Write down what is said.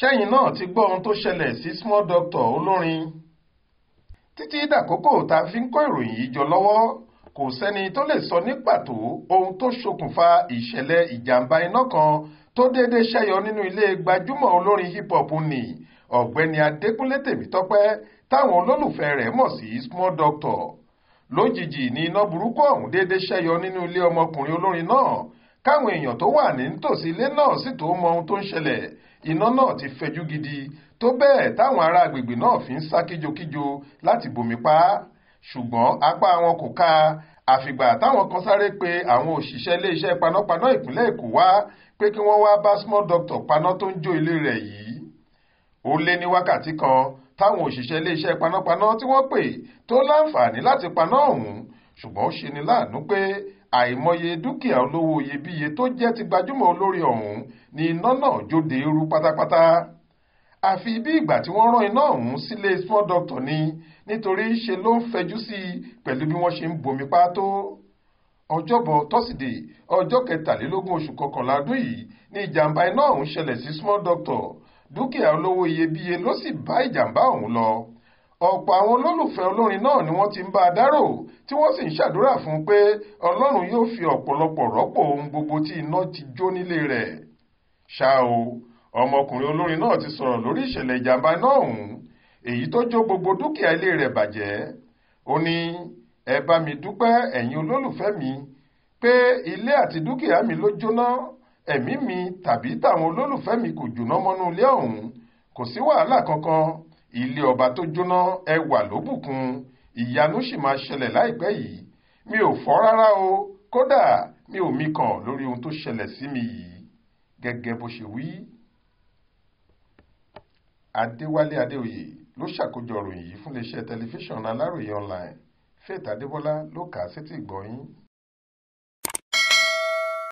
ṣẹ́yìn náà ti gbọ́ ohun tó ṣẹlẹ̀ sí small doctor olórin títí dàkókò tá a fi ń kó ìròyìn yìí jọ lọ́wọ́ kò sẹ́ni tó lè sọ ní pàtó ohun tó ṣokùnfà ìṣẹ̀lẹ̀ ìjàmbá iná kan tó déédéé ṣẹ́yọ nínú ilé gbajúmọ̀ olórin hip hop ni ọ̀gbẹ́ni adékúnlé tèmítọ́pẹ́ táwọn olólùfẹ́ rẹ̀ mọ̀ sí small doctor lójijì ni iná burúkú ọ̀hún déédéé ṣẹ́yọ nínú ilé ọmọkùnrin olórin náà káwọn èèyàn tó wà ní tòsí ilé náà sì tó mọ ohun tó ń ṣẹlẹ̀ iná náà ti fẹjú gidi tó bẹ́ẹ̀ táwọn ará agbègbè náà fi ń sá kíjokíjo láti bomi pa á ṣùgbọ́n apá wọn kò ká àfìgbà táwọn kan sáré pe àwọn òṣìṣẹ́ iléeṣẹ́ panápaná ìpínlẹ̀ Èkó wá pé kí wọ́n wá bá small doctor paná tó ń jó ilé rẹ̀ yìí ó lé ní wákàtí kan táwọn òṣìṣẹ́ iléeṣẹ́ panápaná tí wọ́n pè tó láǹfààní láti paná ọ̀hún ṣùgbọ́n ó ṣeni láàánú pé àìmọye dúkìá olówó iyebíye tó jẹ́ ti gbajúmọ̀ olórí ọ̀hún ni iná náà jó de eérú pátápátá àfi bí ìgbà tí wọ́n rán iná ọ̀hún sílé small doctor ni nítorí ṣe ló ń fẹjú sí i pẹ̀lú bí wọ́n ṣe ń bomi pa tó ọjọ́bọ̀ tọ́sídẹ̀ẹ́ ọjọ́ kẹtàlélógún oṣù kọkànlá ọdún yìí ni ìjàmbá iná ọ̀hún ṣẹlẹ̀ sí small doctor dúkìá olówó iyebíye ló sì bá ìjàmbá ọ̀hún lọ ọ̀pọ̀ àwọn olólùfẹ́ olórin náà ni wọ́n ti ń bá a dárò tí wọ́n sì ń ṣàdúrà fún un pé ọlọ́run yóò fi ọ̀pọ̀lọpọ̀ rọ́pò ohun gbogbo tí iná ti jó nílé rẹ̀ ṣá o ọmọkùnrin olórin náà ti sọ̀rọ̀ lórí ìṣẹ̀lẹ̀ ìjàmbá náà ọ̀hún èyí tó jó gbogbo dúkìá ilé rẹ̀ bàjẹ́ ó ní ẹ bá mi dúpẹ́ ẹ̀yin olólùfẹ́ mi pé ilé àti dúkìá mi ló jóná ẹ̀mí mi tàbí tàwọn olólùfẹ́ mi kò jóná mọ́nú ilé ọ̀hún kò sí wàhálà kankan ilé ọba tó jóná ẹwà ló bùkún ìyanu sì máa ṣẹlẹ̀ láìpẹ́ yìí mi ò fọ́ rárá o kódà mi ò mikàn lórí ohun tó ṣẹlẹ̀ sí mi yìí gẹ́gẹ́ bó ṣe wí. Adéwálé Adéoyè ló ṣàkójọ ìròyìn yìí fún iléeṣẹ́ tẹlifíṣàn Aláròye online Faith Adébọ́lá ló kà á sétí ìgbọ́